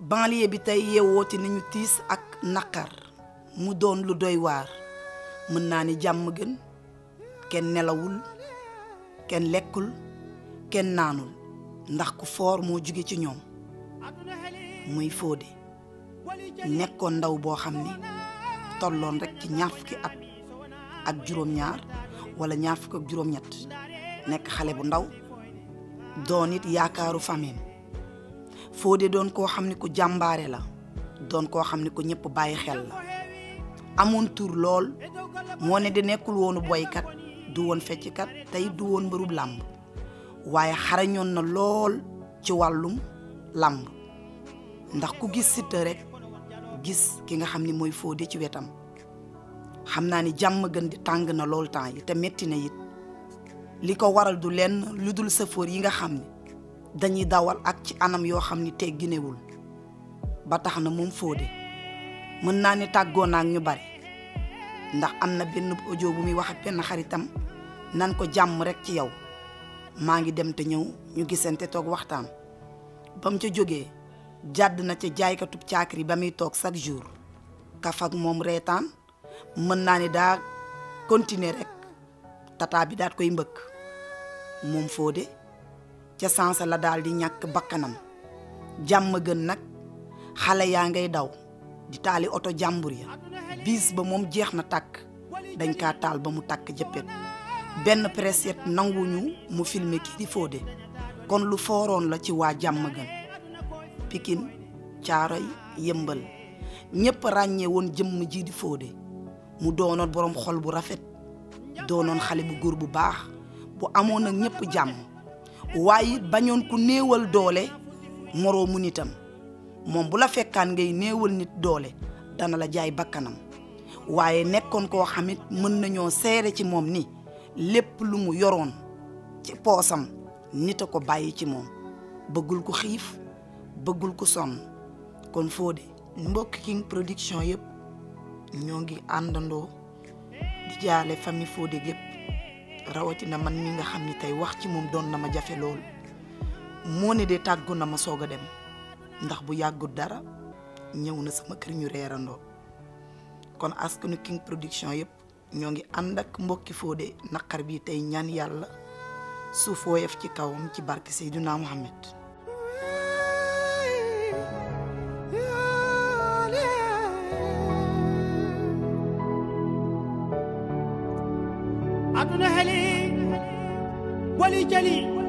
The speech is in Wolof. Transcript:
banlieue bi tey yeewoo ci nañu tiis ak naqar mu doon lu doy waar mën naa ni jàmm gën kenn nelawul kenn lekkul kenn naanul ndax ku foor moo jóge ci ñoom muy Fodé nekkoon ndaw boo xam ni tolloon rekk ci ñaar fukki at ak juróom-ñaar walla ñaar fukk ak juróom-ñett nekk xale bu ndaw doon it yaakaaru famille Fodé doon koo xam ne ku jàmbaare la doon koo xam ne ko ñëpp bàyyi xel la amoon tur lool moo ne di nekkul woonu boykat du woon fecckat tey du woon mbërub làmb waaye xareñoon na lool ci wàllum làmb ndax ku gis Siteu rek gis ki nga xam ni mooy Fodé ci wetam xam naa ni jàmm gën di tàng na lool temps yi te metti na it li ko waral du lenn lu dul safoor yi nga xam ni dañuy dawal ak ci anam yoo xam ni te ginewul ba tax na moom Fodé mën naa ni tàggoo naag ñu bari ndax am na benn audio bu muy wax ak benn xaritam nan ko jàmm rek ci yow maa ngi dem te ñëw ñu gisante toog waxtaan ba mu ca jógee jàdd na ca jaaykatu caakri ba muy toog chaque jour kaf ak moom reetaan mën naa ni daa continuer rek tata bi daat koy mbëkk moom Fodé ca sansa la daal di ñàkk bakkanam jàmm gën nag xale yaa ngay daw di taali oto jàmbur ya bis ba moom jeex na tàkk dañ kaa taal ba mu tàkk jëppet benn preset nanguñu mu filmer kii di Fodé kon lu fooroon la ci waa jàmm gën Pikine Caaroy Yëmbal ñépp ràññee woon jëmm ji di Fodé mu doonoon boroom xol bu rafet doonoon xale bu góor bu baax bu amoon ak ñépp jàmm waaye bañoon ku néewal doole moroomu nitam moom bu la fekkaan ngay néewal nit doole dana la jaay bakkanam waaye nekkoon koo xamit mën nañoo seere ci moom ni lépp lu mu yoroon ci poosam nit a ko bàyyi ci moom bëggul ko xiif bëggul ko sonn kon Fodé mbokk King Production yëpp ñoo ngi àndandoo di jaale famille Fodé yëpp rawatina man mi nga xam ni tey wax ci moom doon na ma jafe lool moo ne de tàggu na ma soog a dem ndax bu yàggul dara ñëw na sama kër ñu reerandoo kon askanu King Production yëpp ñoo ngi ànd ak mbokki Fodé naqar bii tey ñaan yàlla suuf woyof ci kawam ci barke Seydina Muhammad aduna heli wali jali